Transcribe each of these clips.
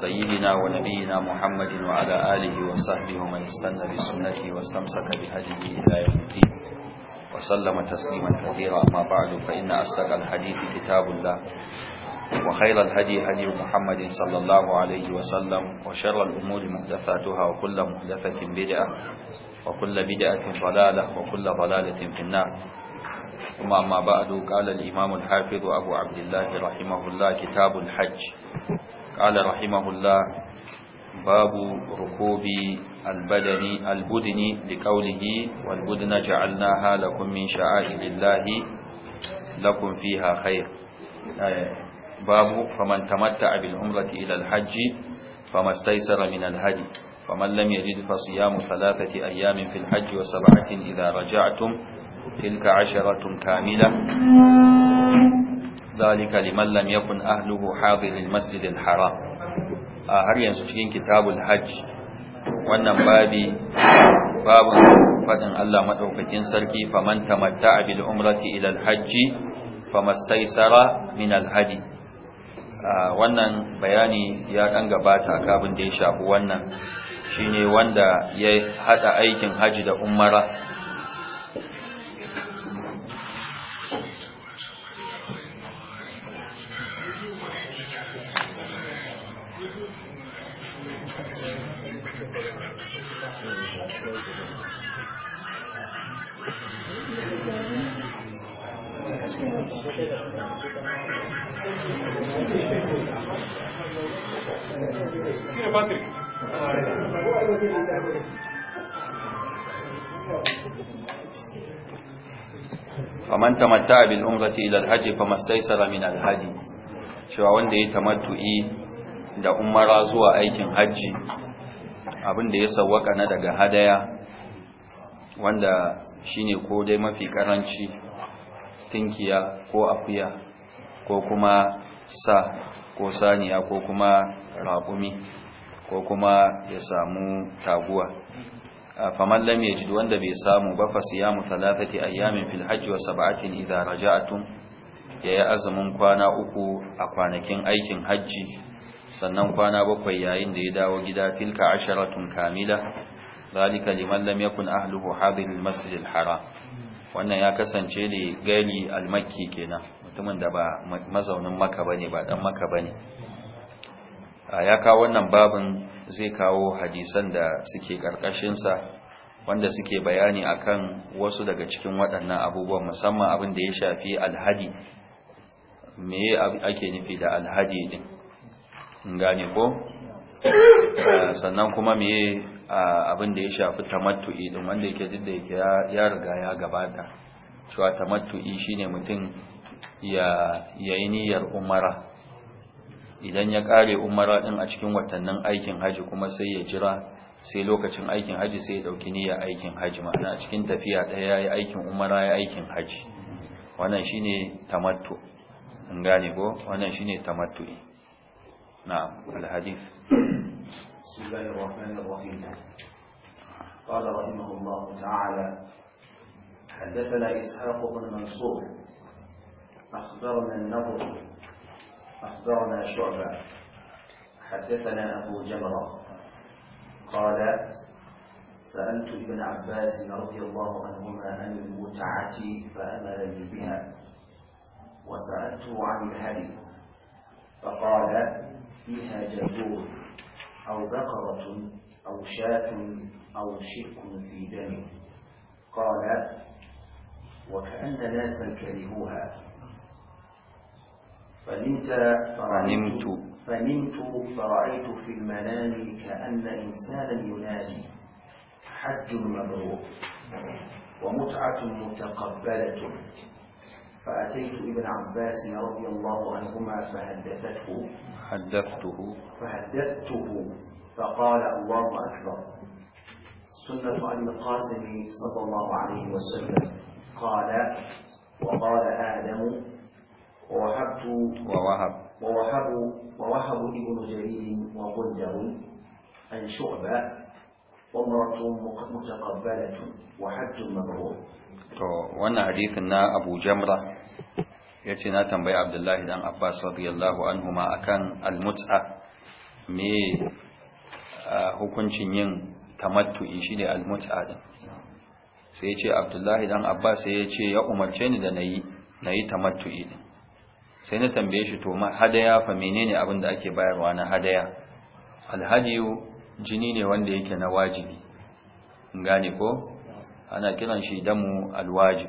سيدنا ونبينا محمد وعلى آله وصحبه ومن استنى بسنته واستمسك بهديه إلى يوم الدين وسلم تسليما كثيرا أما بعد فإن أصدق الحديث كتاب الله وخير الهدي هدي محمد صلى الله عليه وسلم وشر الأمور محدثاتها وكل محدثة بدعة وكل بدعة ضلالة وكل ضلالة في النار ثم أما بعد قال الإمام الحافظ أبو عبد الله رحمه الله كتاب الحج قال رحمه الله باب ركوب البدن البدن لقوله والبدن جعلناها لكم من شعائر الله لكم فيها خير باب فمن تمتع بالعمرة إلى الحج فما استيسر من الهدي ومن لم يجد فصيام ثلاثة أيام في الحج وسبعة إذا رجعتم تلك عشرة كاملة ذلك لمن لم يكن أهله حاضر المسجد الحرام هل ينسوشين كتاب الحج wannan babi babu faɗin Allah madaukakin sarki faman tamatta'a bil umrati ila hajji famastaysara min al hadi wannan bayani ya dan gabata ga da ya shafi wannan shine wanda ya hada aikin haji da umara shi ne a faman tamatta bil umrati ila alhaji famastaysara min cewa wanda ya yi tamattu'i da umara zuwa aikin hajji abinda ya sawwaka na daga hadaya wanda shine ko dai mafi ƙaranci tinkiya ko akuya ko kuma sa ko saniya ko kuma raƙumi ko kuma ya samu taguwa faman lam yajid wanda bai samu ba fa siyamu thalathati ayyamin fil hajj wa sab'atin idza raja'tum yayi azumin kwana uku a kwanakin aikin hajji sannan kwana bakwai yayin da ya dawo gida tilka asharatun kamila zalika liman lam yakun ahluhu hadir al-masjid al-haram wannan ya kasance ne gali al-makki kenan mutumin da ba mazaunin maka bane ba dan maka bane ya kawo wannan babin zai kawo hadisan da suke karkashinsa wanda suke bayani akan wasu daga cikin waɗannan abubuwan musamman abin da ya shafi alhadi me ake nufi da alhadi din gane ko sannan kuma me abin da ya shafi tamattu'i din wanda yake duk da yake ya riga ya gabata cewa tamattu'i shine mutum ya yi niyyar umara idan ya kare umara din a cikin watannin aikin haji kuma sai ya jira sai lokacin aikin haji sai ya dauki niyyar aikin haji ma'ana cikin tafiya daya yayi aikin umara yayi aikin haji wannan shine tamattu an gane ko wannan shine ne na'am alhadith bismillahir rahmanir rahim قال رحمه الله تعالى حدثنا إسحاق بن منصور أخبرنا النضر أخبرنا شعبة حدثنا أبو جمرة قال سألت ابن عباس رضي الله عنهما عن المتعة فأمرني بها وسألته عن الهدي فقال فيها جزور أو بقرة أو شاة أو شرك في دم قال وكأن ناسا كرهوها فنمت فنمت فنمت فرأيت في المنام كأن إنسانا ينادي حج مبرور ومتعة متقبلة فأتيت ابن عباس رضي الله عنهما فحدثته حدثته فحدثته فقال الله أكبر سنة أبي القاسم صلى الله عليه وسلم قال وقال آدم ووهبت ووهب ووهب ووهب ابن جرير وغندر عن شعبة عمرة متقبلة وحج مبرور to wannan hadisin na Abu Jamra yace na tambayi Abdullahi dan Abbas radiyallahu anhuma akan al me hukuncin yin tamattu'i shine al din sai yace Abdullahi dan Abbas sai yace ya umarce ni da nayi nayi tamattu'i din sai na tambaye shi to hadaya fa menene abin da ake bayarwa na hadaya alhadiyu jini ne wanda yake na wajibi gane ko ana kiran shi damu alwajib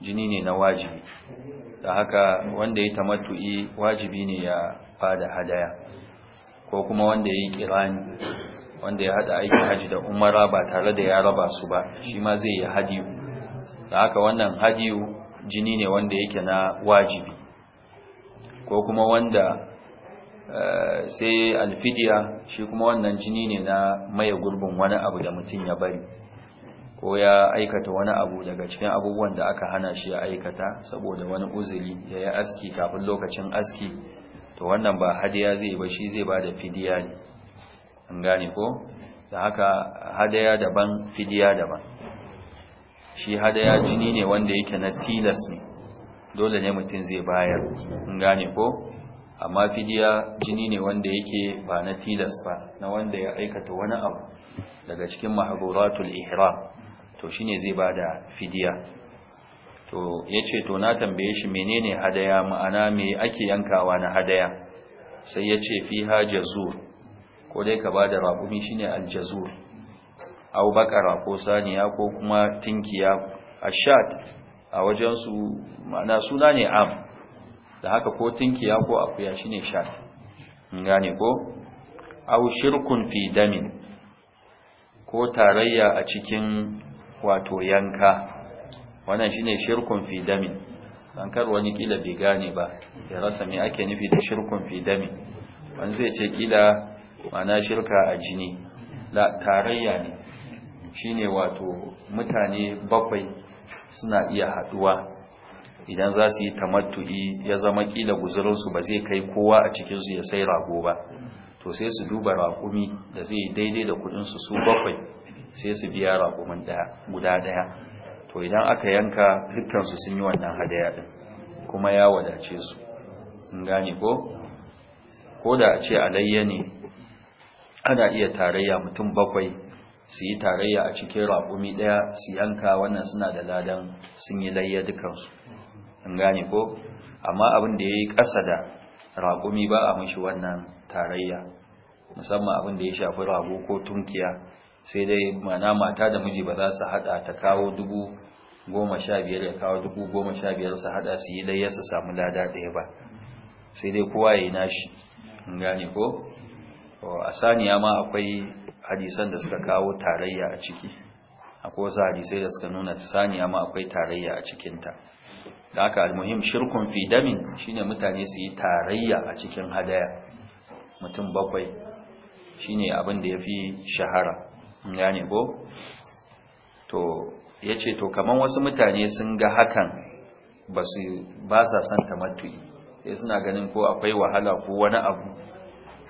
jini ne na wajibi da haka wanda ya tamattu'i wajibi ne ya fada hadaya ko kuma wanda ya yi kirani wanda ya hada aikin haji da umara ba tare da ya raba su ba shi ma zai yi hadiyu da haka wannan hadiyu jini ne wanda yake na wajibi ko kuma wanda eh, sai alfidiya shi kuma wannan jini ne na maye gurbin wani abu da mutum ya bari ko ya aikata wani abu daga cikin abubuwan da aka hana shi ya aikata saboda wani uzuri ya yi aski kafin lokacin aski to wannan ba hadiya zai ba shi zai ba da fidiya ne an gane ko da haka hadaya daban fidiya daban shi hadaya jini ne wanda yake na tilas ne dole ne mutum zai bayar in gane ko amma fidiya jini ne wanda yake ba na tilas ba na wanda ya aikata wani abu daga cikin mahaduratul ihram to shine zai bada fidiya to yace to na tambaye shi menene hadaya ma'ana me ake yankawa na hadaya sai yace fiha jazur ko dai ka bada raƙumi shine aljazur au bakara ko saniya ko kuma tinkiya ashat a wajensu ma'ana suna ne am da haka ko tinkiya ko akuya shine shat gane ko au shirkun fi damin ko tarayya a cikin wato yanka wannan shine shirkun fi damin dan wani kila bai gane ba ya rasa me ake nufi da shirkun fi damin wani zai ce kila ma'ana shirka a jini la tarayya ne shine wato mutane bakwai suna iya haduwa idan za su yi tamattu'i ya zama kila guzurinsu ba zai kai kowa a cikinsu ya sai rago ba to sai su duba raƙumi da zai daidai da kudinsu su bakwai sai su biya raƙumin guda daya to idan aka yanka dukkansu sun yi wannan hadaya din kuma ya wadace su in gane ko ko da a ce alayya ne ana iya tarayya mutum bakwai su yi tarayya a cikin raƙumi ɗaya su yanka wannan suna da ladan sun yi layya dukansu in gane ko amma abin da ya yi ƙasa da raƙumi ba a mashi wannan tarayya musamman abin da ya shafi rago ko tunkiya sai dai mana mata da miji ba za su haɗa ta kawo dubu goma sha biyar ya kawo dubu goma sha biyar su haɗa su yi layya su samu lada ɗaya ba sai dai kowa ya yi nashi in gane ko a saniya ma akwai hadisan da suka kawo tarayya a ciki akwai wasu hadisai da suka nuna saniya ma akwai tarayya a cikinta da haka almuhim shirkun fi damin shine mutane su yi tarayya a cikin hadaya mutum bakwai shine abin da yafi shahara ne ko to yace to kamar wasu mutane sun ga hakan su ba sa son tamattu sai suna ganin ko akwai wahala ko wani abu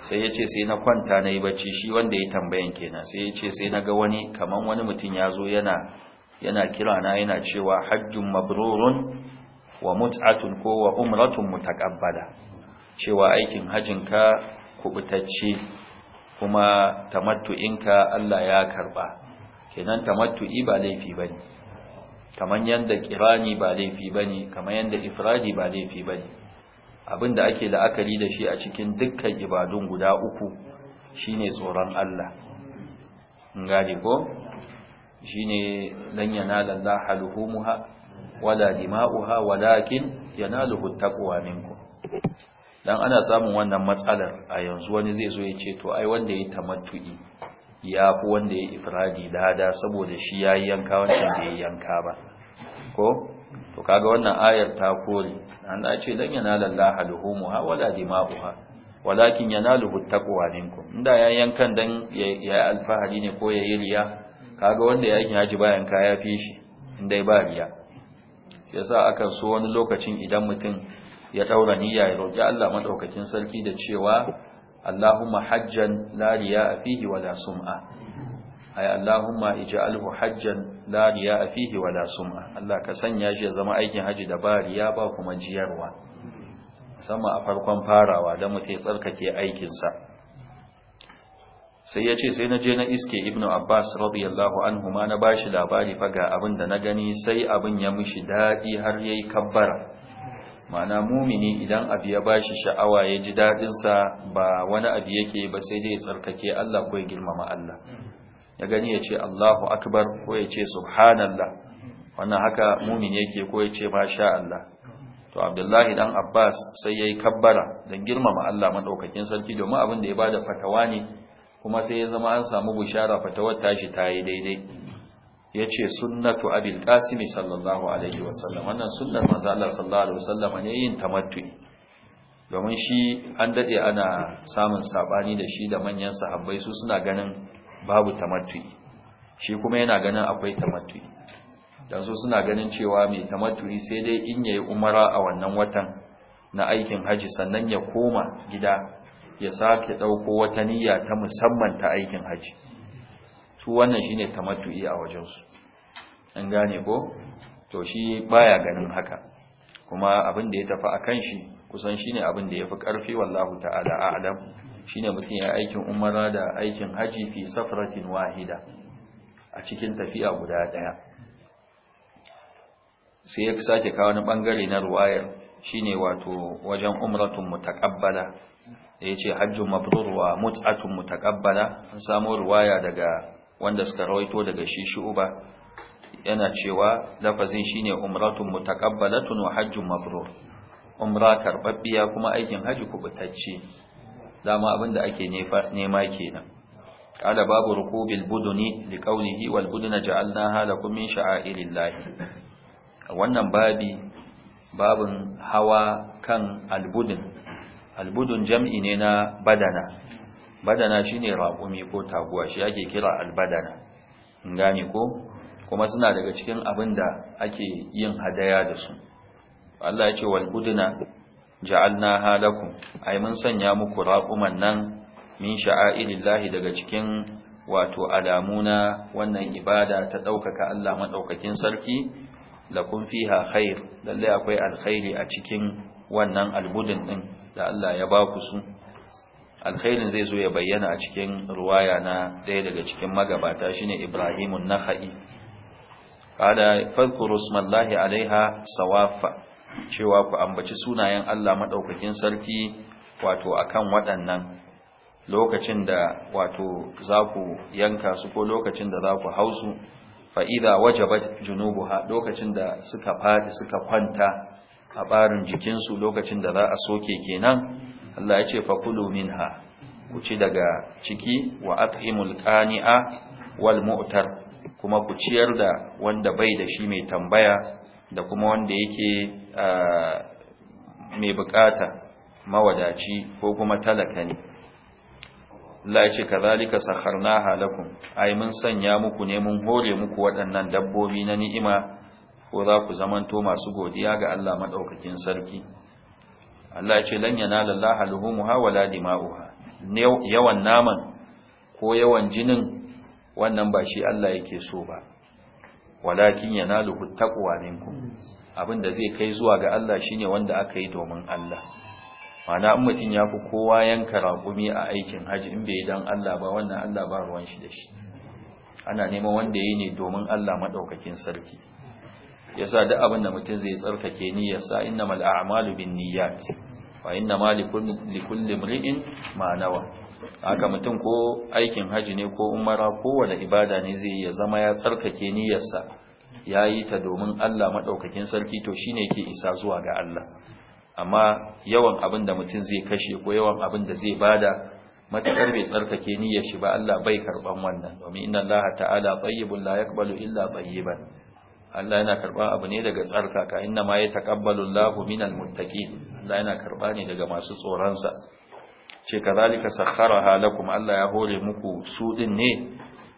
sai ya ce sai na kwanta na yi bacci shi wanda ya tambayan kenan sai ya ce sai na ga wani kaman wani mutum ya zo yana yana kira na yana cewa hajjun mabrurun wa mut'atun ko wa umratun mutaqabbala cewa aikin hajjin ka kubutacce kuma tamattu'inka Allah ya karba kenan tamattu'i ba laifi bane kaman yanda kirani ba laifi bane kaman yanda ifradi ba laifi bane abin da ake la'akari da shi a cikin dukkan ibadun guda uku shine tsoron Allah ngani ko shi shine lan yanala Allah luhumuha wala dima'uha walakin yanaluhu taqwa minkum dan ana samun wannan matsalar a yanzu wani zai zo ya ce to ai wanda ya yi tamattu'i ya fi wanda ya yi ifradi lada saboda shi ya yi yanka wancan da ya yi yanka ba ko to kaga wannan ayar ta kore an ce lan yanala Allahu luhumuha wala dima'uha walakin yanaluhu taqwa minkum inda ya yankan dan ya alfahari ne ko ya riya kaga wanda ya yi haji bayan kaya fi shi inda ba riya yasa aka so wani lokacin idan mutum ya taura niyya ya roki Allah madaukakin sarki da cewa Allahumma hajjan la riya fihi wala sum'a ay Allahumma ij'alhu hajjan la riya'a fihi wa la sum'a Allah ka sanya shi ya zama aikin haji da ba riya ba kuma jiyarwa sama a farkon farawa da mutai tsarkake aikin sa sai yace sai na je na iske Ibnu Abbas radiyallahu anhu ma na bashi labari fa ga abin da na gani sai abin ya mishi dadi har yayi kabbara mana mumini idan abu ya bashi sha'awa ya ji sa ba wani abu yake ba sai dai tsarkake Allah ko ya girmama Allah ya gani ya ce Allahu akbar ko ya ce subhanallah wannan haka mumin yake ko ya ce masha Allah to Abdullahi dan Abbas sai yayi kabbara dan girmama Allah madaukakin sarki domin abin da ya bada fatawa ne kuma sai ya zama an samu bushara fatawar tashi tayi daidai yace sunnatu abil qasim sallallahu alaihi wasallam wannan sunnar manzo Allah sallallahu alaihi wasallam ne yin tamattu domin shi an dade ana samun sabani da shi da manyan sahabbai su suna ganin babu tamattu'i shi kuma yana ganin akwai tamattu'i dan so suna ganin cewa mai tamattu'i sai dai in ya yi umara a wannan watan na aikin haji sannan ya koma gida ya sake dauko wata niyya ta musamman ta aikin haji su wannan shine tamattu'i a wajen su an gane ko to shi baya ganin haka kuma abin da ya tafi a kan shi kusan shine abin da ya fi karfi wallahu ta'ala a'lam shine mutum ya aikin umara da aikin haji fi safratin wahida a cikin tafiya guda daya sai ya sake kawo wani bangare na ruwayar shine wato wajen umratun mutakabbala da ce hajjun mabrur wa mut'atun mutakabbala an samu ruwaya daga wanda suka rawaito daga shi shu'ba yana cewa lafazin shine umratun mutaqabbalatun wa hajjun mabrur umra karbabbiya kuma aikin haji kubutacce dama abin da ake nema kenan qala babu rukubil buduni li qawlihi wal buduna ja'alnaha lakum min sha'airillahi wannan babi babin hawa kan albudun albudun jam'i ne na badana badana shine raƙumi ko taguwa shi ake kira albadana gane ko kuma suna daga cikin abin da ake yin hadaya da su Allah ya ce wal buduna ja'alna halakum ai mun sanya muku raquman nan min sha'a'ilillahi daga cikin wato alamuna wannan ibada ta daukaka Allah madaukakin sarki lakum fiha khair lalle akwai alkhairi a cikin wannan albudin din da Allah ya baku su alkhairin zai zo ya bayyana a cikin ruwaya na daya daga cikin magabata shine Ibrahimun Nakhai qala fadhkuru ismallahi alaiha sawafa cewa ku ambaci sunayen Allah maɗaukakin sarki wato akan waɗannan lokacin da wato za ku yanka su ko lokacin da za ku hausu fa'ida wajabat junubuha lokacin da suka faɗi suka kwanta a ɓarin jikinsu lokacin da za a soke kenan Allah ya ce fakulu minha ku ci daga ciki wa at'imul qani'a wal mu'tar kuma ku ciyar da wanda bai da shi mai tambaya da kuma wanda yake mai bukata mawadaci ko kuma talaka ne Allah ya ce kazalika sahar halakun. ai mun sanya muku ne mun hore muku waɗannan dabbobi na ni'ima ko za ku zamanto masu godiya ga Allah maɗaukakin sarki Allah ya ce lan yanala Allah luhumuha wala dima'uha yawan naman ko yawan jinin wannan ba shi Allah yake so ba walakin yanaluhu taqwa minkum abinda zai kai zuwa ga Allah shine wanda aka yi domin Allah mana in mutum ya fi kowa yanka raƙumi a aikin haji in bai dan Allah ba wannan Allah ba ruwan shi da shi ana neman wanda yi ne domin Allah madaukakin sarki yasa duk abin da mutum zai tsarkake niyyarsa innamal a'malu binniyat wa innamal likulli imri'in ma nawa haka mutum ko aikin haji ne ko umara kowane ibada ne zai ya zama ya tsarkake niyyarsa ya yi ta domin Allah maɗaukakin sarki to shi ne ke isa zuwa ga Allah amma yawan abin da mutum zai kashe ko yawan abin da zai bada matakar bai tsarkake niyyar shi ba Allah bai karɓan wannan domin inna Allah ta'ala tayyibun la yaqbalu illa tayyiban Allah yana karɓa abu ne daga tsarkaka inna ma yataqabbalu Allahu minal muttaqin Allah yana karɓa ne daga masu tsoron sa ce kazalika sakharaha lakum Allah ya hore muku su din ne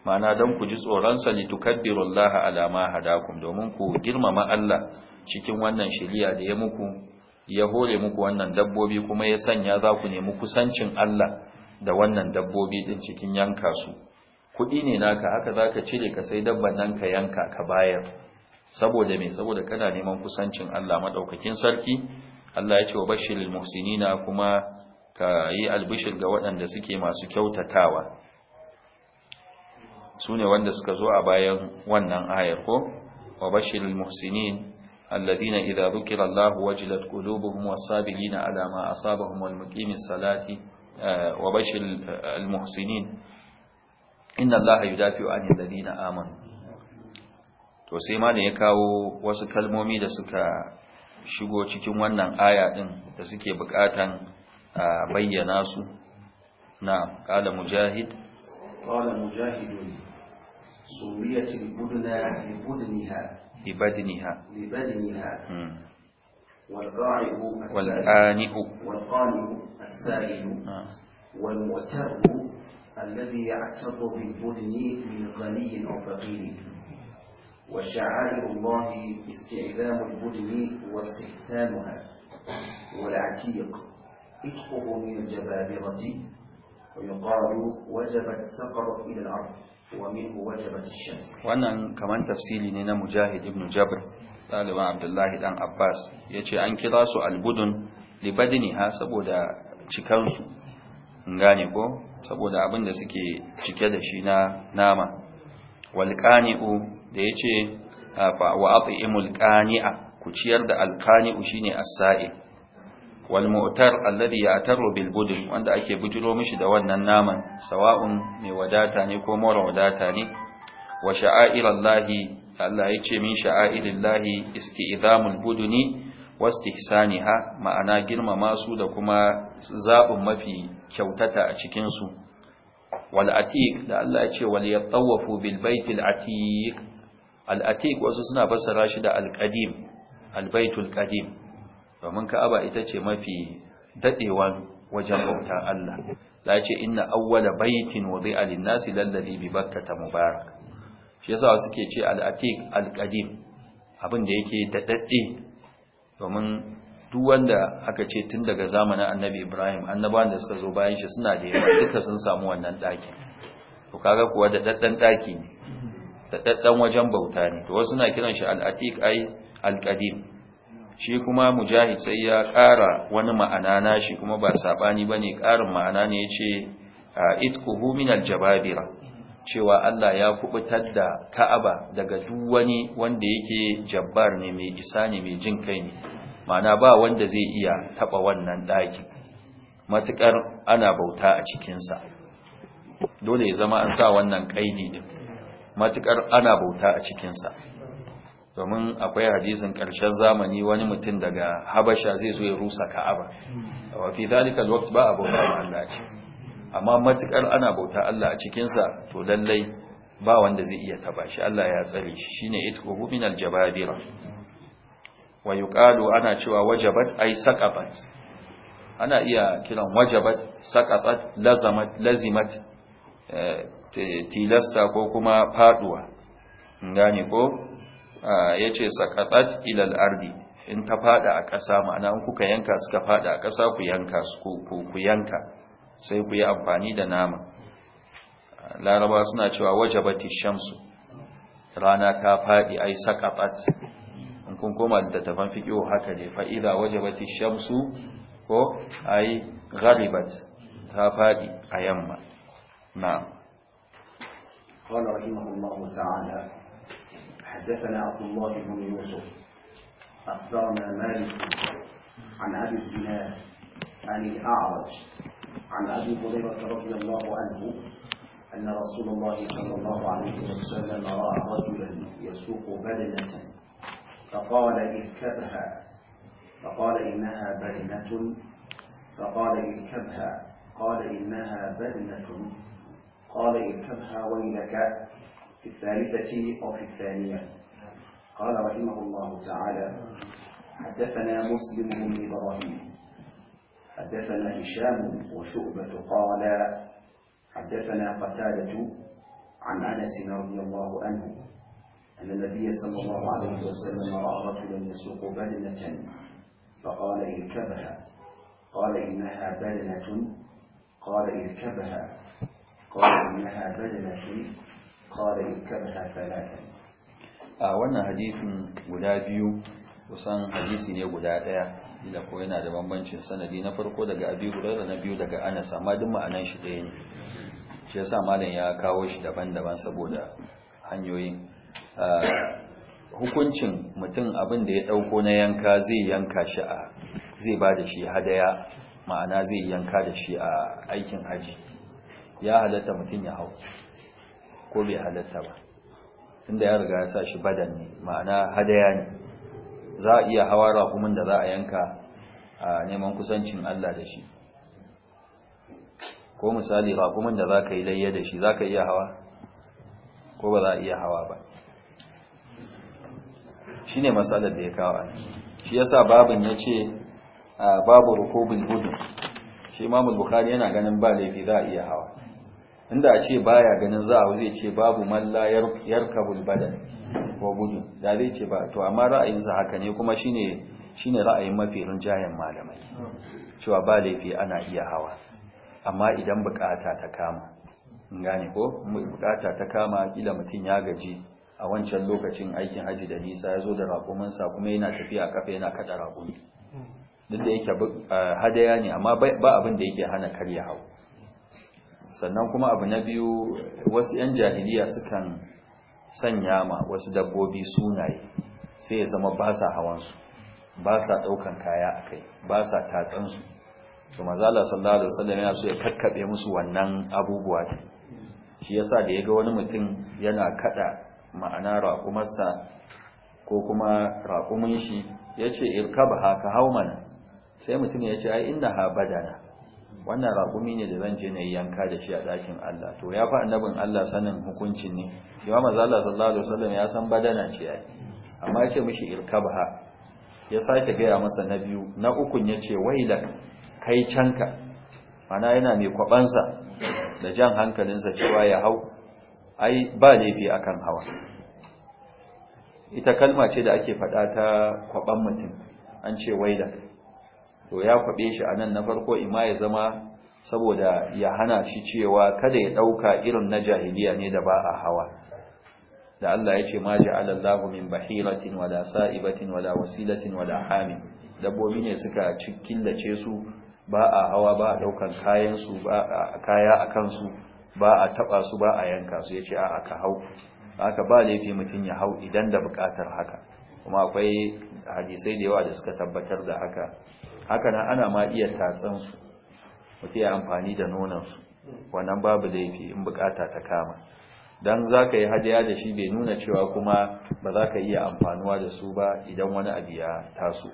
mana dan ku ji tsoron sa Allah alama ma hadakum domin ku girmama Allah cikin wannan shari'a da ya muku ya hore muku wannan dabbobi kuma ya sanya za ku nemi kusancin Allah da wannan dabbobi din cikin yanka su kuɗi ne naka haka zaka cire ka sai dabban nan ka yanka ka bayar saboda me saboda kana neman kusancin Allah madaukakin sarki Allah ya ce wa bashiril muhsinina kuma ka yi albishir ga waɗanda suke masu kyautatawa su ne wanda suka zo a bayan wannan ayar ko wa bashirul muhsinin alladhina idza dhukira Allahu wajilat qulubuhum was-sabirina ala ma asabahum wal muqimis salati eh, wa eh, al muhsinin inna Allaha yudafi'u 'anil ladina amanu to sai ma ya kawo wasu kalmomi da suka shigo cikin wannan aya din da suke bukatan آه، بين bayyana نعم قال مجاهد قال مجاهد mujahidun البدن لبدنها لبدنها لبدنها li والآنئ والقانئ السائل نعم. والمعتر الذي يعتر بالبدن من غني أو فقير وشعائر الله استعلام البدن واستحسانها والعتيق wannan kamar tafsiri ne na Mujahid ibn Jabr ɗaliban Abdullahi ɗan Abbas ya ce an kira su albudun libadniha saboda cikansu in gane ko saboda abin da suke cike da shi na nama walqani'u da yace wa at'imul qani'a ku da alqani'u shine as wal mu'tar alladhi ya'taru bil budun wanda ake bujiro mishi da wannan naman sawa'un mai wadata ne ko mara wadata ne wa sha'airallahi Allah yace min sha'airillahi isti'zamul buduni wastihsaniha ma'ana girmama su da kuma zabin mafi kyautata a cikin su wal da Allah yace wal yatawafu bil baitil atiq al atiq wasu suna fassara shi da al qadim al baitul qadim domin ka'aba ita ce mafi daɗewan wajen bautar Allah la ce inna awwala baitin wudi'a lin-nasi lalladhi bi bakkata mubarak shi yasa suke ce al-atiq al abin da yake dadadde domin duk wanda aka ce tun daga zamanin annabi Ibrahim annabawan da suka zo bayan shi suna da yawa duka sun samu wannan ɗakin to kaga kuwa da daddan ɗaki ne da wajen bauta ne to wasu na kiran shi al ai al shi kuma mujahid sai ya ƙara wani ma'ana nashi kuma ba saɓani ba ne. ƙarin ma'ana ne yace itquhu min aljababira cewa Allah ya kubutar da Ka'aba daga duk wani wanda yake jabbar ne mai isa ne mai jin kai ne ma'ana ba wanda zai iya taɓa wannan daki matukar ana bauta a cikin sa dole ya zama an sa wannan kaidi din matukar ana bauta a cikinsa. domin akwai hadisin ƙarshen zamani wani mutum daga habasha zai zo ya rusa ka'aba wa fi dalika waqt ba a bauta Allah ce amma matukar ana bauta Allah a cikinsa, to lallai ba wanda zai iya taba shi Allah ya tsare shi shine itquhu min aljababira wa yuqalu ana cewa wajabat ay saqabat ana iya kiran wajabat saqabat lazamat lazimat eh, tilasta ko kuma faduwa gane ko ya ce sakatat ilal ardi in ta fada a ƙasa ma'ana in kuka yanka suka fada a ƙasa ku yanka su ku yanka sai ku yi amfani da nama laraba suna cewa wajabati shamsu rana ta fadi ai sakatat in kun koma da tafan fiƙo haka ne fa waje wajabati shamsu ko ai gharibat ta fadi a yamma na قال رحمه الله حدثنا عبد الله بن يوسف أخبرنا مالك عن أبي الزناد عن الأعرج عن أبي هريرة رضي الله عنه أن رسول الله صلى الله عليه وسلم رأى رجلا يسوق بلنة فقال اركبها فقال إنها بلنة فقال اركبها قال إنها بلنة قال اركبها ويلك في الثالثة أو في الثانية قال رحمه الله تعالى حدثنا مسلم بن إبراهيم حدثنا هشام وشعبة قال حدثنا قتادة عن أنس رضي الله عنه أن النبي صلى الله عليه وسلم رأى رجلا يسوق بدنة فقال اركبها قال إنها بدنة قال اركبها قال إنها بدنة a wannan hadisin guda biyu kusan hadisi ne guda daya ila ko yana da bambancin sanadi na farko daga Abi Hurairah na biyu daga Anas amma duk ma'anan shi ɗaya ne shi yasa malam ya kawo shi daban-daban saboda hanyoyin hukuncin mutum abin da ya dauko na yanka zai yanka shi a zai ba da shi hadaya ma'ana zai yanka da shi a aikin haji ya halatta mutum ya hau ko bai halatta ba Inda ya riga ya sa shi badan ne ma'ana hadaya ne za a iya hawa rakumin da za a yanka a neman kusancin Allah da shi ko misali rakumin da za ka yi layya da shi za ka iya hawa ko ba za a iya hawa ba shi ne matsalar da ya kawo shi yasa babin ya ce babu Rukobin hudu shi mamul bukari yana ganin ba laifi za a iya hawa inda a ce baya ganin za'a zai ce babu malla yarkabul badan ko gudu da zai ce ba to amma ra'ayinsa haka ne kuma shine shine ra'ayin mafi rinjayen malamai cewa ba laifi ana iya hawa amma idan bukata ta kama gane ko bukata ta kama kila mutum ya gaji a wancan lokacin aikin haji da nisa ya zo da sa kuma yana tafiya kafa yana kada rakumi duk da yake eh, hadaya ne amma ba abin da yake hana karya hau sannan kuma abu na biyu wasu 'yan jahiliya sukan sanya ma wasu dabbobi sunaye sai ya zama ba sa su, ba sa ɗaukan kaya a kai ba sa tatsansu su mazala sallallahu alaihi wasallam ya so ya kakkaɓe musu wannan abubuwa ne shi yasa da ya ga wani mutum yana kaɗa ma'ana raƙumarsa ko kuma raƙumin shi ya ce ka ka hau mana sai mutum ya ce ai inna ha badana wannan rakumi ne da zan je na yi yanka da shi a ɗakin Allah to ya fi annabin Allah sanin hukuncin ne yawa mazala sallallahu alaihi wasallam ya san badana ce ya amma ya ce mishi irkabha ya sake gaya masa na biyu na ukun ya ce waila kai canka mana yana mai kwabansa da jan hankalinsa cewa ya hau ai ba laifi akan hawa ita kalma ce da ake faɗa ta kwaban mutum an ce waila. to ya kwabe shi anan na farko ima ya zama saboda ya hana shi cewa kada ya dauka irin na jahiliya ne da ba a hawa da Allah ya ce ma ja'alallahu min bahiratin wala sa'ibatin wala wasilatin wala hamin dabbobi ne suka cikin da ce su ba a hawa ba a daukan kayan su ba kaya a kansu ba a taba su ba a yanka su yace a aka hau haka ba laifi mutun ya hau idan da bukatar haka kuma akwai hadisai da yawa da suka tabbatar da haka haka nan ana ma iya tatsan su mutum ya amfani da nonon su wannan babu laifi in bukata ta kama dan zaka yi hadiya da shi bai nuna cewa kuma ba za ka iya amfanuwa da su ba idan wani abu ya taso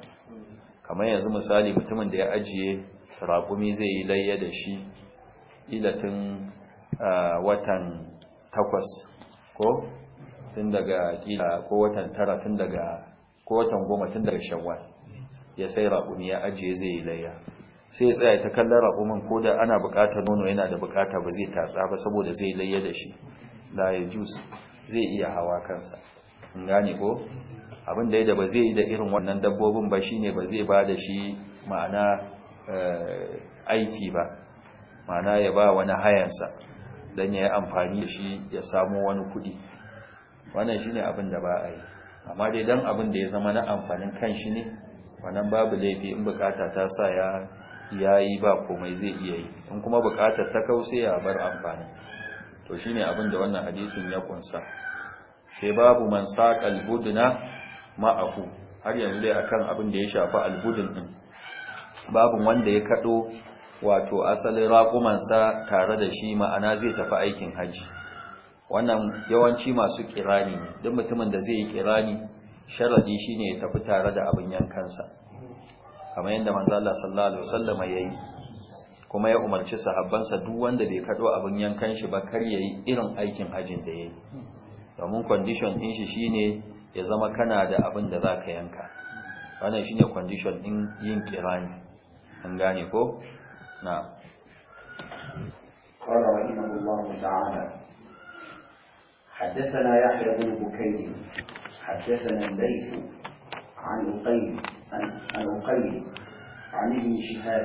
kamar yanzu misali mutumin da ya ajiye raƙumi zai yi layya da shi ilatin watan takwas ko tun daga ila ko watan tara tun daga ko watan goma tun daga shawwal ya sai raƙumi ya ajiye zai yi layya sai ya tsaya ta kallon raƙumin ko da ana buƙatar nono yana da buƙata ba zai tatsa ba saboda zai layya da shi la jus zai iya hawa kansa in gane ko abin da da ba zai yi da irin wannan dabbobin ba shi ne ba zai ba da shi ma'ana eh, aiki ba ma'ana ya ba wani hayansa don ya yi amfani da shi ya samu wani kuɗi wannan shi ne abin da ba a yi amma dai don abin da ya zama na amfanin kan shi ne wannan babu laifi in bukata ta sa ya yayi ba komai zai iya yi in kuma bukatar ta sai ya bar amfani to shine abin da wannan hadisin ya kunsa sai babu man saqal budna ma'ahu har yanzu dai akan abin da ya shafi albudun din babu wanda ya kado wato asalin raƙumansa tare da shi ma'ana zai tafi aikin haji wannan yawanci masu kirani duk mutumin da zai yi kirani sharadi shine ya tafi tare da abin yankansa kamar yadda manzo Allah sallallahu alaihi ya yayi kuma ya umarci sahabbansa duk wanda bai kado abin yankan shi ba kar yayi irin aikin hajin da yayi domin condition din shi shine ya zama kana da abin da zaka yanka wannan shine condition din yin kirani an gane ko na قال رحمه الله تعالى حدثنا يحيى بن بكير حدثنا الليث عن القيم عن القيم عن ابن شهاب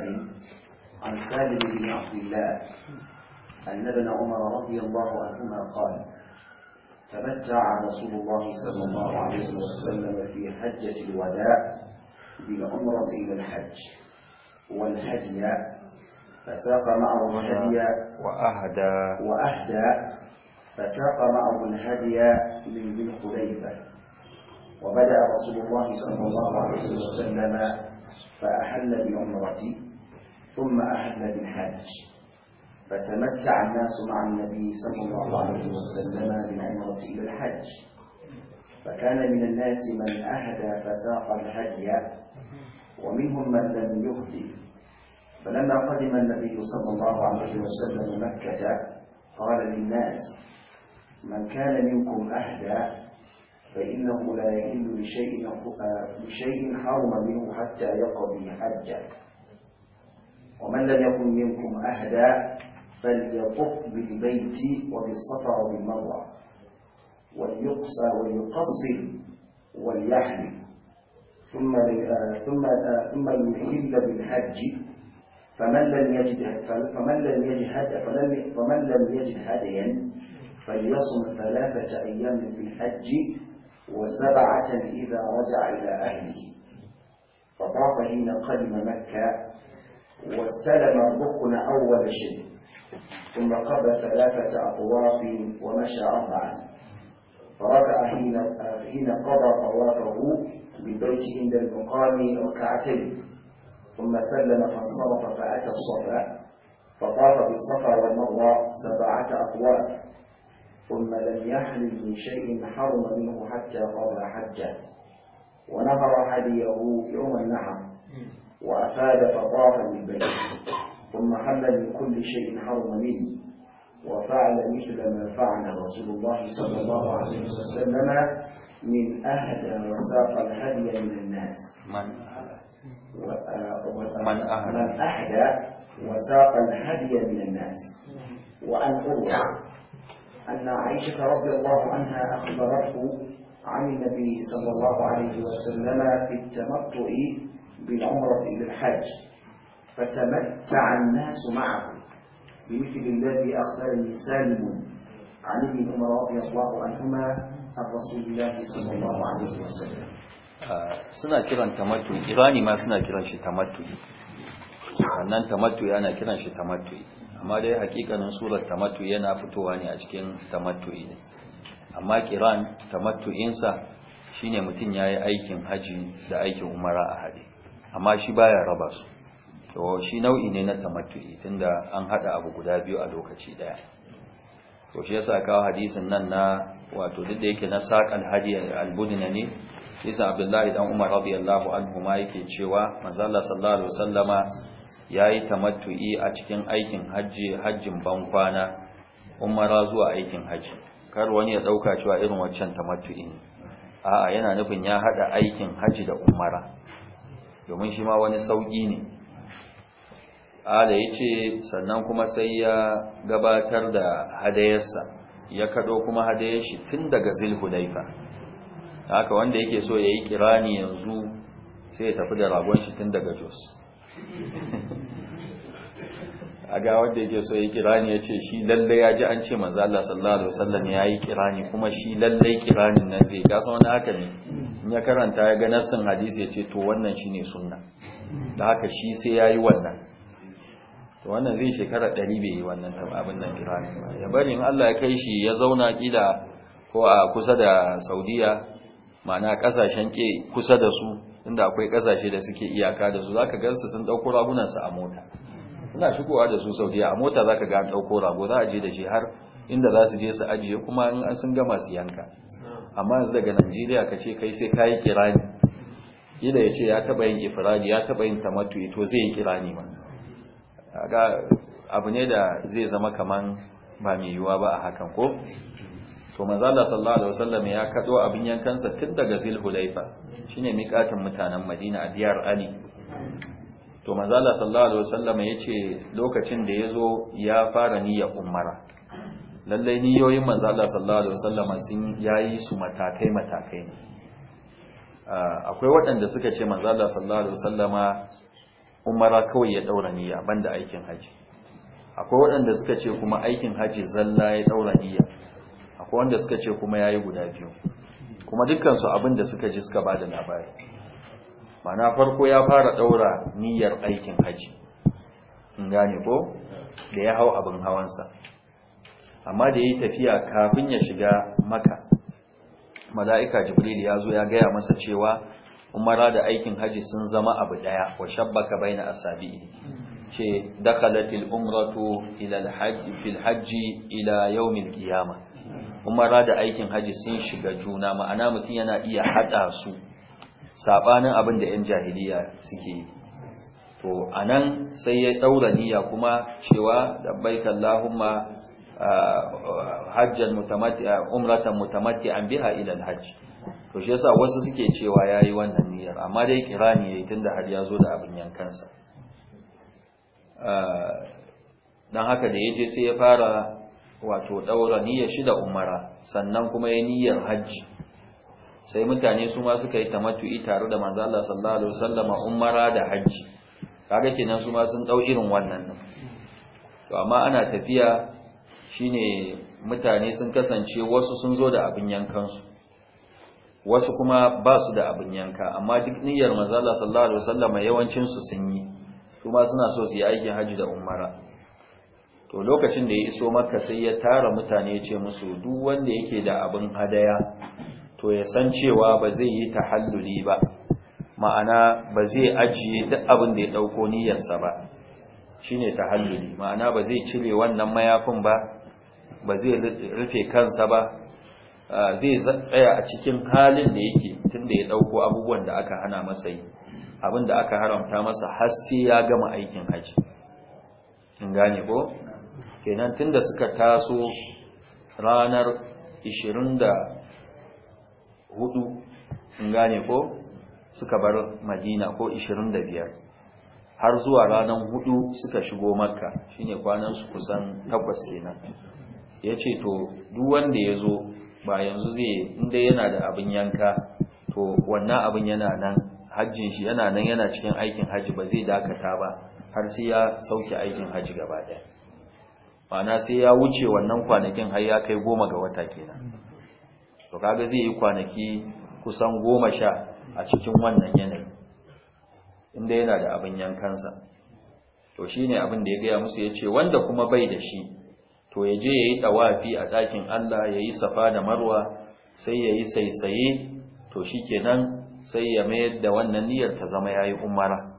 عن سالم بن عبد الله أن ابن عمر رضي الله عنهما قال تمتع رسول الله صلى الله عليه وسلم في حجة الوداع بالعمرة إلى الحج والهدي فساق معه الهدي وأهدى وأهدى فساق معه الهدي من ذي الحليفة وبدأ رسول الله صلى الله عليه وسلم فأحل بعمرة ثم أحل بالحج فتمتع الناس مع النبي صلى الله عليه وسلم بالعمرة إلى الحج فكان من الناس من أهدى فساق الهدي ومنهم من لم يهدي فلما قدم النبي صلى الله عليه وسلم مكة قال للناس من كان منكم أهدى فإنه لا يحل لشيء, لشيء حرم منه حتى يقضي حجه ومن لم يكن منكم أهدا فليطف بالبيت وبالصفا وبالمروة وليقصى وليقصر وليحلم ثم ثم ثم يحل بالحج فمن لم يجد فمن لم يجد فمن لم يجد هديا فليصم ثلاثة أيام في الحج وسبعة إذا رجع إلى أهله فطاف حين قدم مكة واستلم الركن أول شيء ثم قبل ثلاثة أطواف ومشى أربعا فرجع حين حين قضى طوافه بالبيت عند المقام ركعتين ثم سلم فانصرف فأتى الصفا فطاف بالصفا والمروة سبعة أطواف ثم لم يحلل من شيء حرم منه حتى قضى حجه ونهر هديه يوم النحر وأفاد فطاف بالبيت ثم حل من كل شيء حرم منه وفعل مثل ما فعل رسول الله صلى الله عليه وسلم من أهدى وساق الهدي من الناس من أهدى وساق الهدي من الناس وأن اروع أن عائشة رضي الله عنها أخبرته عن النبي صلى الله عليه وسلم في التمتع بالعمرة للحج فتمتع الناس معه بمثل الذي أخبرني سالم عن ابن عمر رضي الله عنهما عن رسول الله صلى الله عليه وسلم suna kiran tamattu irani ma suna kiran shi tamattu أنا tamattu ana kiran shi tamattu amma dai hakikanin surar tamattu yana fitowa ne a cikin tamattu'i ne amma kiran tamattu'insa shine mutum yayi aikin haji da aikin umara a hade amma shi baya raba su to shi nau'i ne na tamattu'i tunda an haɗa abu guda biyu a lokaci ɗaya? to shi yasa kawo hadisin nan na wato duk da yake na saƙan hadi al-budna ne yasa Abdullahi dan Umar radiyallahu anhu ma yake cewa manzo Allah sallallahu alaihi wasallama ya yi tamattu'i a cikin aikin hajji hajjin bankwana umara zuwa aikin hajji kar wani ya ɗauka cewa irin waccan tamattu'i ne a'a yana nufin ya haɗa aikin hajji da umara domin shi ma wani sauki ne ala ya ce sannan kuma sai ya gabatar da hadayarsa ya kaɗo kuma hadayar shi tun daga zilhulaifa haka wanda yake so ya yi kirani yanzu sai ya tafi da ragon shi tun daga jos a ga wanda yake so yi kirani ya ce shi lallai ya ji an ce manzo Allah sallallahu alaihi wasallam ya yi kirani kuma shi lallai kiranin nan zai kasa wani haka ne in ya karanta ya ga nassin hadisi ya ce to wannan shine sunna da haka shi sai ya yi wannan to wannan zai shekara 100 bai yi wannan abin nan kirani ba ya bari in Allah ya kai shi ya zauna kila ko a kusa da Saudiya ma'ana kasashen ke kusa da su inda akwai kasashe da suke iyaka da su za zaka gansu sun ɗauko ragunansu a mota suna shigowa da su Saudiya a mota za ka ga an ɗauko rago za a je da shi har inda za su je su ajiye kuma in an sun gama su yanka amma yanzu daga Najeriya ka ce kai sai kayi kirani kila ya ce ya taba yin ifiradi, ya taba yin tamatu, to zai yi kirani ma ga abu ne da zai zama kaman ba mai yiwuwa ba a hakan ko to manzo Allah sallallahu alaihi wasallam ya kado abin yankansa tun daga hulaifa shine miƙatin mutanen Madina a biyar Ali to manzo Allah sallallahu alaihi wasallam yace lokacin da yazo ya fara niyyar umara lalle niyoyin manzo Allah sallallahu alaihi wasallam sun yayi su matakai matakai ne akwai waɗanda suka ce manzo Allah sallallahu alaihi wasallama umara kawai ya daura niyya banda aikin haji akwai waɗanda suka ce kuma aikin haji zalla ya daura niyya akwai wanda suka ce kuma ya yi guda biyu kuma dukkan su abin da suka ji suka bada labari mana farko ya fara daura niyyar aikin haji in gane ko da ya hau abin hawansa amma da yayi tafiya kafin ya shiga maka mala'ika jibril ya zo ya gaya masa cewa umara da aikin haji sun zama abu daya wa shabbaka baina asabi ce dakalatil umratu ila alhaji fil haji ila yawmil qiyamah umara da aikin haji sun shiga juna ma'ana mutum yana iya haɗa su saɓanin abin da 'yan jahiliya suke yi to a nan sai ya ɗaura niyya kuma cewa labbaika Allahumma hajjan mutamatti umratan mutamatti an biha ilal hajji. to shi yasa wasu suke cewa ya yi wannan niyyar amma dai kirani tun da har ya zo da abin yankansa dan haka da ya je sai ya fara wato daura niyyar shi da umara sannan kuma ya niyyar hajji sai mutane su ma suka yi tamattu'i tare da manzo Allah sallallahu alaihi wasallama umara da hajji kaga kenan su ma sun dau irin wannan din to amma ana tafiya shine mutane sun kasance wasu sun zo da abin yankan wasu kuma ba su da abin yanka amma duk niyyar manzo Allah sallallahu alaihi wasallama yawancin su sun yi kuma suna so su yi aikin hajji da umara to lokacin da ya iso makka sai ya tara mutane ya ce musu duk wanda yake da abin hadaya to ya san cewa ba zai yi tahalluli ba ma'ana ba zai ajiye duk abin da ya dauko niyyarsa ba shine tahalluli ma'ana ba zai cire wannan mayafin ba ba zai rufe kansa ba zai tsaya a cikin halin da yake tunda ya dauko abubuwan da aka hana masa yi abin da aka haramta masa har sai ya gama aikin haji in gane ko kenan tunda suka taso ranar 24 in gane ko suka bar madina ko 25 har zuwa ranar 4 suka shigo makka shine su kusan takwas kenan ya ce to duk wanda ya zo ba yanzu zai inda yana da abin yanka to wannan abin yana nan hajjin shi yana nan yana cikin aikin hajji ba zai dakata ba har sai ya sauke aikin hajji gaba ɗaya ma'ana sai ya wuce wannan kwanakin har ya kai goma ga wata kenan to kaga zai yi kwanaki kusan goma sha a cikin wannan yanayi inda yana da abin yankansa to shi ne abin da ya gaya musu ya ce wanda kuma bai da shi to ya je ya yi ɗawafi a ɗakin Allah ya yi safa da marwa sai ya yi saisaye to shi kenan sai ya mayar da wannan niyyar ta zama ya yi umara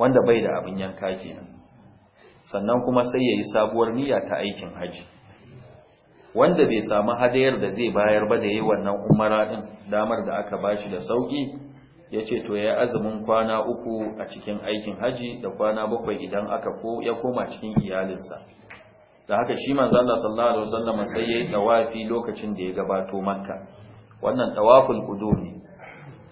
wanda bai da abin yanka kenan sannan kuma sai ya yi sabuwar niyya ta aikin haji wanda bai samu hadayar da zai bayar ba da yi wannan umara ɗin damar da aka bashi da sauƙi ya ce to ya yi azumin kwana uku a cikin aikin haji da kwana bakwai idan aka ko ya koma cikin iyalinsa da haka shi manzala sallallahu alaihi wasallam sai ya yi tawafi lokacin da ya gabato makka wannan tawaful qudum ne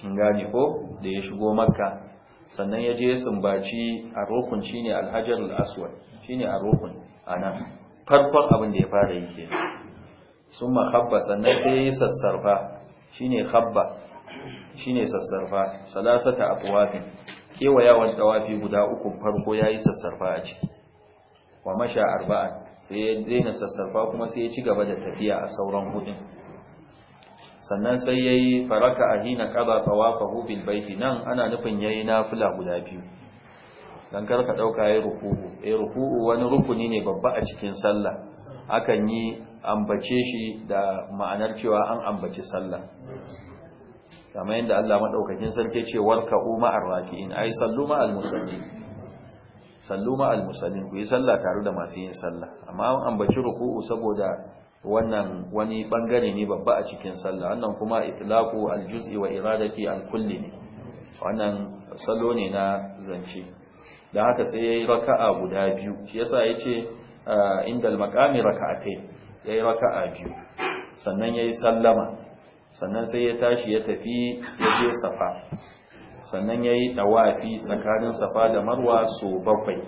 kin gane ko da ya shigo makka sannan ya je sumbaci a rokun shi ne alhajar aswad shi ne a rokun a nan farkon abin da ya fara yi ke sun mahabba sannan sai ya yi sassarfa shi ne habba shi ne sassarfa salasata a tuwafin kewayawan tawafi guda uku farko ya yi sassarfa a ciki wa masha arba'an sai ya daina sassarfa kuma sai ya ci gaba da tafiya a sauran hudun sannan sai yayi faraka ahina qada tawafahu bil baiti nan ana nufin yayi nafila guda biyu dan ka dauka yayi ruku'u eh ruku'u wani rukuni ne babba a cikin sallah akan yi ambace shi da ma'anar cewa an ambaci sallah kamar yadda Allah madaukakin sarki ce warka ma'ar raki'in ai sallu ma'al musallin sallu ma'al musallin ku yi sallah tare da masu yin sallah amma an ambaci ruku'u saboda wannan wani bangare ne babba a cikin sallah wannan kuma itlaqu aljuz'i wa iradati alkulli ne wannan salo ne na zance da haka sai yayi raka'a guda biyu shi yasa yace ah, indal maqami raka'atai yayi raka'a biyu sannan yayi sallama sannan sai ya tashi ya tafi ya je safa sannan yayi dawafi tsakanin safa da marwa so bakwai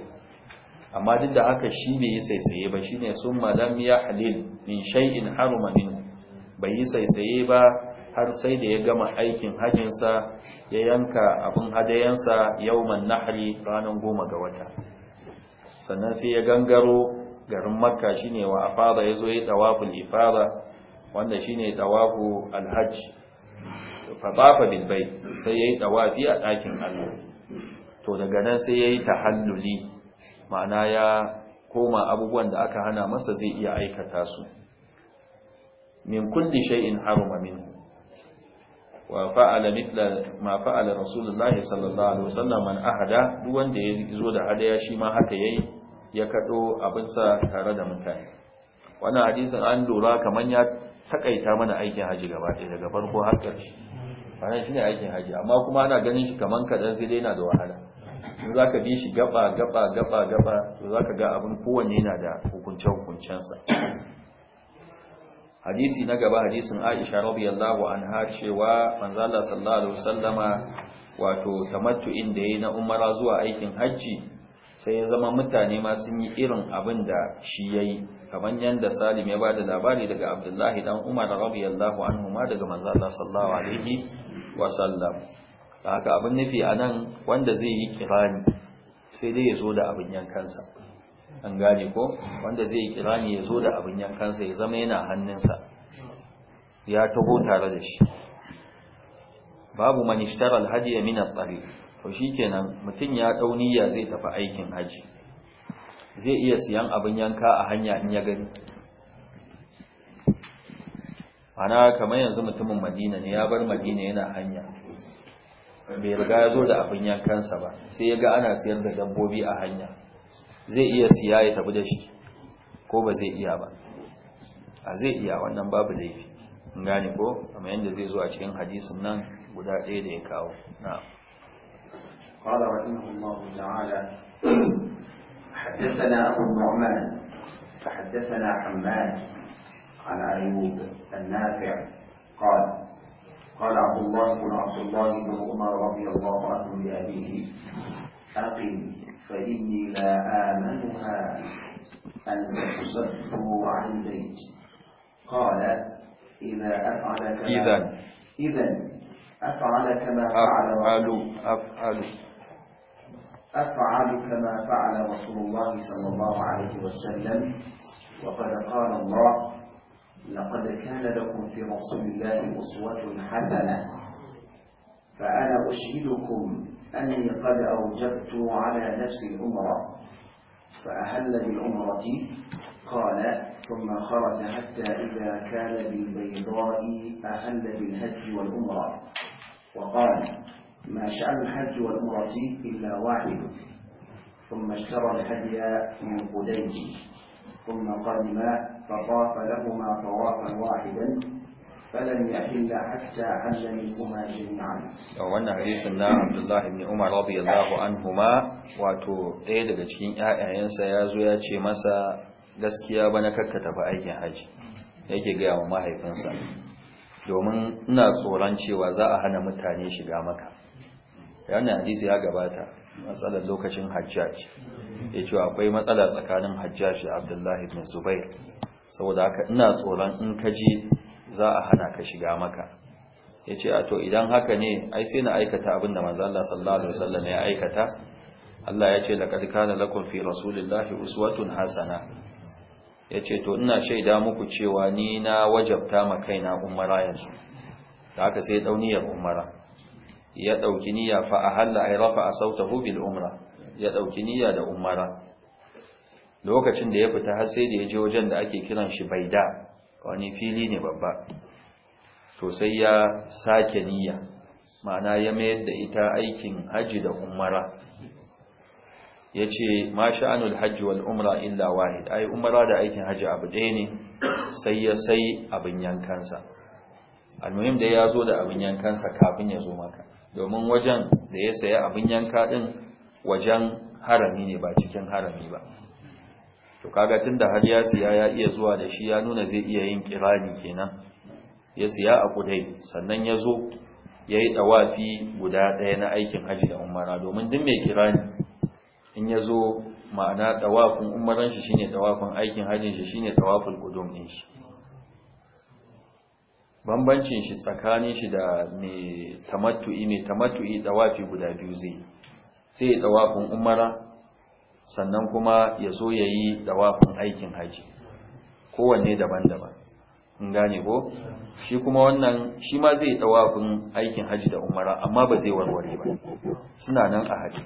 amma duk da haka shi bai yi saisaye ba shine summa ya halil, min shaiin haruma minhu bai yi saisaye ba har sai da ya gama aikin hajjinsa ya yanka abin hadayensa yawman nahri ranar goma ga wata sannan sai ya gangaro garin makka shi ne wa afada zo ya tawaful ifada wanda ne tawafu alhajj fatafa bil bait sai yi tawafi a ɗakin Allah to daga nan sai ya yayi tahalluli ma'ana ya koma abubuwan da aka hana masa zai iya aikata su min kulli shay'in haruma minhu wa fa'ala mithla ma fa'ala rasulullahi sallallahu alaihi wasallam man ahada duk wanda ya zo da hadaya shi ma haka yayi ya kado abin sa tare da mutane wannan hadisin an dora kaman ya takaita mana aikin haji gaba ɗaya daga farko har ƙarshe wannan shine aikin haji amma kuma ana ganin shi kaman kadan sai dai yana da wahala za ka bi shi gaba gaba gaba gaba to za ka ga abin kowanne yana da hukunce-hukuncensa hadisi na gaba hadisin aisha radiyallahu anha cewa manzo Allah sallallahu alaihi wasallama wato tamattu'in da yayi na umara zuwa aikin hajji sai ya zama mutane ma sun yi irin abin da shi yayi kamar yanda Salim ya bada labari daga Abdullahi dan Umar radiyallahu anhu ma daga manzo Allah sallallahu alaihi wasallam haka abin nufi a nan wanda zai yi kirani sai dai ya zo da abin yankansa an gane ko wanda zai yi kirani ya zo da abin yankansa ya zama yana hannunsa ya taho tare da shi babu manishtar alhaji ya minar tsari to shi kenan mutum ya dau ya zai tafi aikin haji zai iya siyan abin yanka a hanya in ya gani ana kamar yanzu mutumin Madina ne ya bar Madina yana hanya bai riga ya zo da abin yankansa ba sai ya ga ana siyar da dabbobi a hanya zai iya siya ya tafi da shi ko ba zai iya ba a zai iya wannan babu laifi gane ko amma yadda zai zo a cikin hadisin nan guda ɗaya da ya kawo na قال رحمه الله تعالى حدثنا أبو النعمان فحدثنا حماد عن أيوب النافع قال قال عبد الله بن عبد الله بن عمر رضي الله عنه لأبيه أقم فإني لا آمنها أن ستصده عن البيت قال إذا أفعل كما إذا إذا أفعل كما فعل أفعل أفعل أفعل كما فعل رسول الله صلى الله عليه وسلم وقد قال الله لقد كان لكم في رسول الله أسوة حسنة فأنا أشهدكم أني قد أوجبت على نفسي الأمرة فأهل بالأمرة قال ثم خرج حتى إذا كان بالبيضاء أهل بالهج والأمرة وقال ما شأن الحج والأمرة إلا واحد ثم اشترى الهدي من قديم ثم قدما فطاف لهما طوافا واحدا فلم يحل حتى حل منهما جميعا wannan hadisin na Abdullahi ibn Umar radiyallahu anhuma wato ɗaya daga cikin ƴaƴayensa ya zo ya ce masa gaskiya bana kakka tafi aikin haji yake gaya wa mahaifinsa domin ina tsoron cewa za a hana mutane shiga maka wannan hadisi ya gabata matsalar lokacin hajjaj ya ce akwai matsala tsakanin hajjashi abdullahi bin zubair saboda haka ina tsoron in ka ji za a hana ka shiga maka ya ce a to idan haka ne ai sai na aikata abin da manzo Allah sallallahu alaihi wasallam ya aikata Allah ya ce laqad kana lakum fi rasulillahi uswatun hasana ya ce to ina shaida muku cewa ni na wajabta ma kaina umara yanzu ta haka sai dauniyar umara ya ɗauki niyya fa ahalla ay rafa sautahu bil umra ya ɗauki niyya da umara lokacin da ya fita har sai da ya je wajen da ake kiran shi baida wani fili ne babba to sai ya sake niyya ma'ana ya mayar da ita aikin haji da umara ya ce ma sha'anul hajji wal umra illa wahid ai umara da aikin haji abu ɗaya ne sai ya sai abin yankansa almuhim da ya zo da abin yankansa kafin ya zo maka domin wajen da ya saya abin yanka ɗin wajen harami ne ba cikin harami ba to kaga tunda har ya siya ya iya zuwa da shi ya nuna zai iya yin kirani kenan ya siya a kudai sannan ya zo ya yi dawafi guda ɗaya na aikin haji da umara domin duk mai kirani in ya zo ma'ana dawafin umaran shi shine dawafin aikin hajin shi shine dawafin gudun din shi bambancin shi tsakanin shi da mai tamattu'i mai tamattu'i dawafi guda biyu zai sai ya dawafin umara sannan kuma ya zo ya yi tawafin aikin haji kowanne daban-daban in gane ko shi kuma wannan shi ma zai tawafin aikin haji da umara amma ba zai warware ba suna nan a haji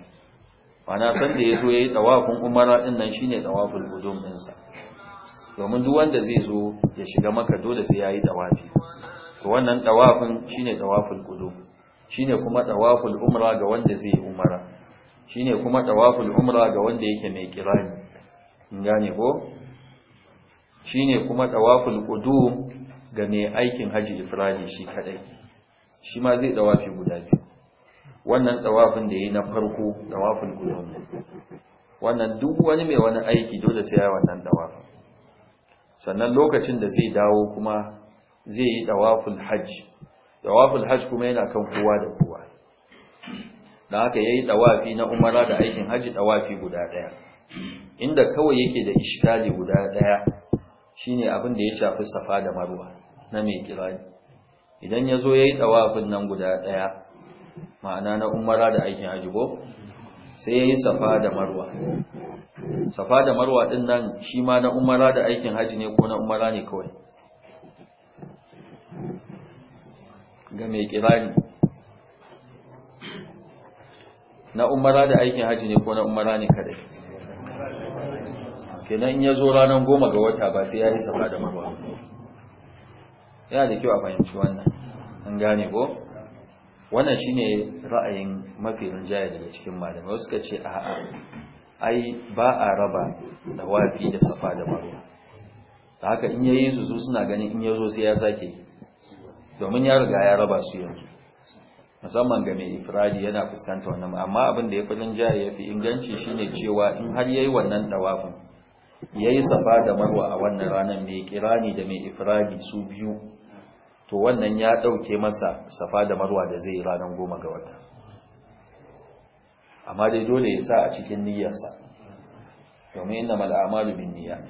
mana san da ya zo ya yi tawafin umara in nan shine dawafin gudun ɗinsa domin duk wanda zai zo ya shiga maka dole sai ya yi tawafi to wannan shi shine dawafin gudun shine kuma dawafin umara ga wanda zai yi umara shine kuma tawaful umra ga wanda yake mai kirani in gane ko shine kuma tawaful qudum ga mai aikin haji ifradi shi kadai shi ma zai tawafi guda biyu wannan tawafin da yayi na farko tawaful qudum wannan duk wani mai wani aiki dole sai ya wannan tawafin sannan lokacin da zai dawo kuma zai yi tawaful hajj tawaful hajj kuma yana kan kowa da kowa da haka yayi tawafi na umara da aikin haji tawafi guda daya inda kawai yake da iskali guda daya shine abin da ya shafi safa da marwa na mai kirani idan yazo yayi tawafin nan guda daya ma'ana na umara da aikin haji ko sai yayi safa da marwa safa da marwa din nan shi ma na umara da aikin haji ne ko na umara ne kawai ga mai kirani na umara da aikin haji ne ko na umara ne kadai kenan in ya zo ranar goma ga wata ba sai ya yi safa da marwa yana da kyau a fahimci wannan an gane ko wannan shine ra'ayin mafi rinjaye daga cikin malamai wasu ka ce a'a ai ba a raba da wafi da safa da marwa da haka in yayi su su suna ganin in ya zo sai ya sake domin ya riga ya raba su yanzu musamman ga mai ifradi yana fuskanta wannan amma abin da ya fi linjaye ya fi inganci shine cewa in har yayi wannan dawafin yayi safa da marwa a wannan ranar mai kirani da mai ifradi su biyu to wannan ya dauke masa safa da marwa da zai ranar goma ga wata amma dai dole ya sa a cikin niyyarsa domin inna mal a'malu niyya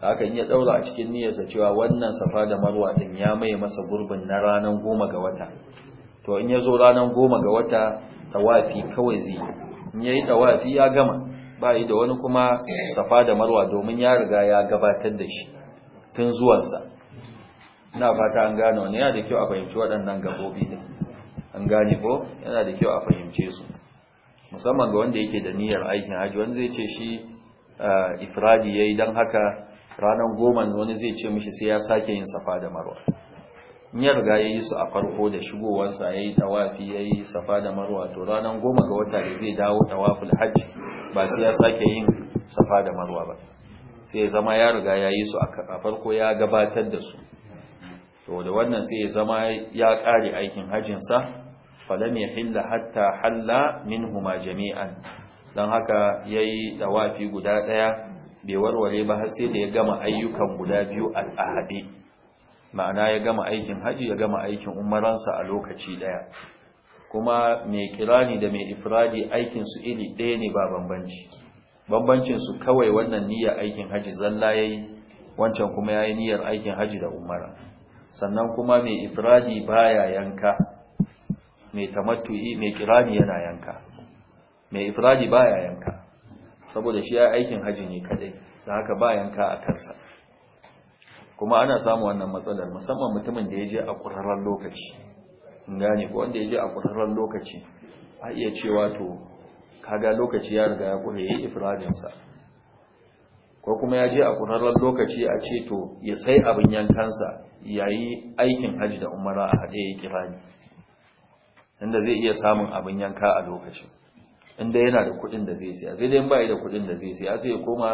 haka in ya daura a cikin niyyarsa cewa wannan safa da marwa din ya mai masa gurbin na ranar goma ga wata to in ya zo ranar goma ga wata tawafi kawai zai in ya yi tawafi ya gama ba yi da wani kuma safa da marwa domin ya riga ya gabatar da shi tun zuwansa ina fata an gane wani yana da kyau a fahimci waɗannan gabobi da an gane ko yana da kyau a fahimce su musamman ga wanda yake da niyyar aikin haji wanda zai ce shi ifradi yayi dan haka ranan goma wani zai ce mishi sai ya sake yin safa da marwa in ya riga ya yi su a farko da shigowarsa ya yi tawafi ya yi safa da marwa to ranar goma ga wata da zai dawo tawaful hajji ba sai ya sake yin safa da marwa ba sai ya zama ya riga ya yi su a farko ya gabatar da su to da wannan sai ya zama ya kare aikin hajjinsa falam ya hilla hatta halla min huma jami'an don haka ya yi tawafi guda ɗaya bai warware ba har sai da ya gama ayyukan guda biyu al'ahadi ma'ana ya gama aikin haji ya gama aikin umaransa a lokaci ɗaya. kuma mai kirani da mai ifradi aikinsu iri ɗaya ne ba bambanci bambancinsu kawai wannan niyyar aikin haji zalla ya wancan kuma yayi niyyar aikin haji da umara sannan kuma mai ifradi baya yanka mai tamattu'i mai kirani yana yanka mai ifradi baya yanka saboda shi ya aikin haji ne kadai da haka ba yanka a kansa kuma ana samu wannan matsalar musamman mutumin da ya je a ƙurarren lokaci gane ko wanda ya je a ƙurarren lokaci a iya cewa to kaga lokaci ya riga ya ƙure ya yi ifradinsa ko kuma ya je a ƙurarren lokaci a ce to ya sai abin yankansa ya yi aikin hajji da umara a haɗe ya kira ni inda zai iya samun abin yanka a lokacin inda yana da kuɗin da zai siya sai dai ba da kuɗin da zai siya sai ya koma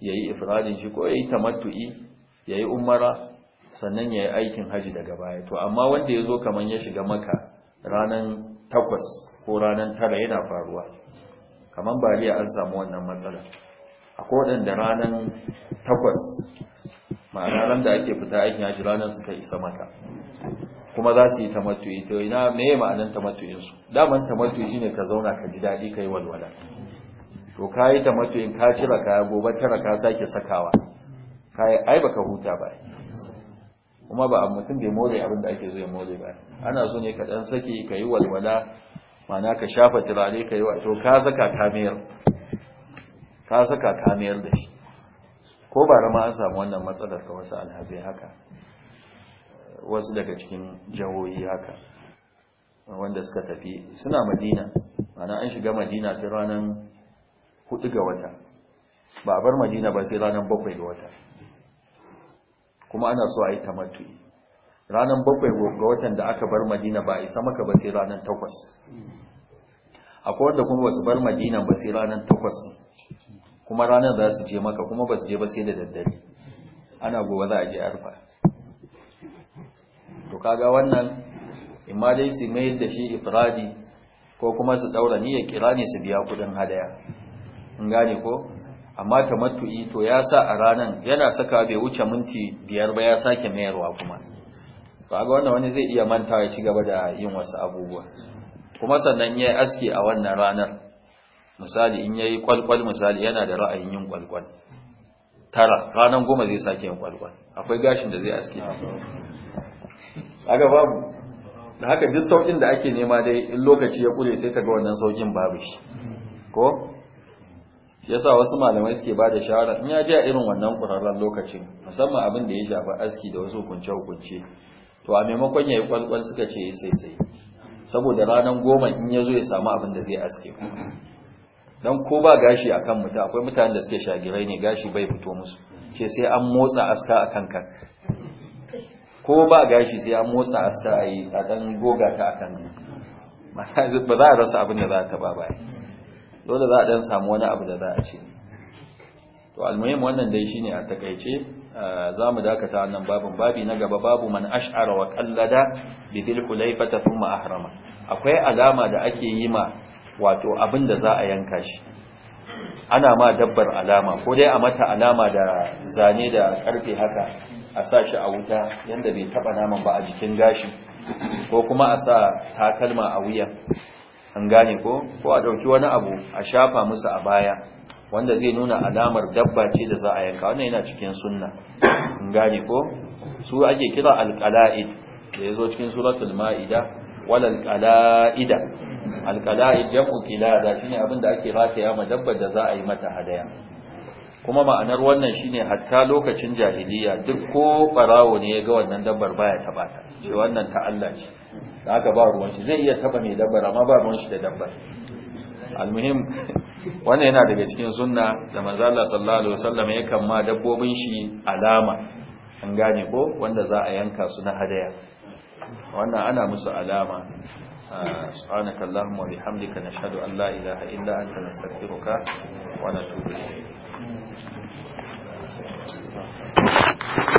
yayi yi ifradin shi ko ya tamattu'i Ya yi umara sannan ya yi aikin haji daga baya to amma wanda ya zo kaman ya shiga maka ranar takwas ko ranar tara yana faruwa kaman baliya an samu wannan matsala kodin da ranar takwas ma'ana ran da ake fita aikin haji ranar suka isa maka kuma za su yi tamattu'i to ina meye ma'anan tamattu'in su daman shi ne ka zauna ka ji daɗi ka yi walwala to ka yi tamattu'in ka cire kaya gobe tara ka sake sakawa kai ai baka huta ba kuma ba mutum bai more abin da ake zo ya more ba ana so ne ka dan saki ka yi walwala mana ka shafa turare ka yi wa to ka saka kamiyar ka saka kamiyar da shi ko ba rama an samu wannan matsalar ka wasu alhazai haka wasu daga cikin jahohi haka wanda suka tafi suna madina mana an shiga madina ta ranar hudu ga wata ba bar madina ba sai ranar bakwai ga wata kuma ana so a yi tamattu'i ranar bakwai ga watan da aka bar madina ba a isa maka ba sai ranar takwas akwai wanda kuma ba su bar madina ba sai ranar takwas kuma ranar za su je maka kuma ba su je ba sai da daddare ana gobe za a je arfa to kaga wannan imma dai su mayar da shi ifradi ko kuma su daura niyyar kirani su biya kudin hadaya in gane ko amma ta tamattu'i to ya sa a ranan yana saka bai wuce minti biyar ba ya sake mayarwa kuma ba ga wannan wani zai iya manta ya ci gaba da yin wasu abubuwa kuma sannan ya yi aski a wannan ranar misali in ya yi kwalkwal misali yana da ra'ayin yin kwalkwal tara ranar goma zai sake yin kwalkwal akwai gashin da zai aski aga babu da haka duk saukin da ake nema dai in lokaci ya kure sai ka ga wannan saukin babu shi ko yasa wasu malamai suke ba da shawara in ya ji a irin wannan ƙurarren lokacin musamman abin da ya shafi aski da wasu hukunce hukunce to a maimakon ya yi kwalkwal suka ce ya sai sai saboda ranar goma in ya zo ya samu abin da zai aske don ko ba gashi a kan mutu akwai mutanen da suke shagirai ne gashi bai fito musu ce sai an motsa aska a kan kan ko ba gashi sai an motsa aska a yi a ɗan goga ta a kan ba za a rasa abin da za ta ba baya dole za a dan samu wani abu da za a ce to almuhim wannan dai shine a takeice zamu dakata wannan babin babi na gaba babu man ash'ara wa kallada bi dil hulayfata thumma ahrama akwai alama da ake yi ma wato abin da za a yanka shi ana ma dabbar alama ko dai a mata alama da zane da karfe haka a sa shi a wuta yanda bai taba naman ba a jikin gashi ko kuma a sa takalma a wuya an gane ko ko a ɗauki wani abu a shafa musu a baya wanda zai nuna alamar dabba ce da za a yanka wannan yana cikin sunna an gane ko su ake kira alqala'id da yazo cikin suratul ma'ida walal alqalaida alqala'id jam'u kilada shine abin da ake rataya ma dabbar da za a yi mata hadaya kuma ma'anar wannan shine hatta lokacin jahiliya duk ko barawo ne ya ga wannan dabbar baya taba ta ce wannan ta Allah ce da aka ba ruwan shi zai iya taba mai dabbar amma ba ruwan shi da dabbar almuhim wannan yana daga cikin sunna da manzo Allah sallallahu alaihi wasallam ya kama dabbobin shi alama an gane ko wanda za a yanka su na hadaya wannan ana musu alama subhanakallahumma wa bihamdika nashhadu an la ilaha illa anta nastaghfiruka wa natubu ilayk します。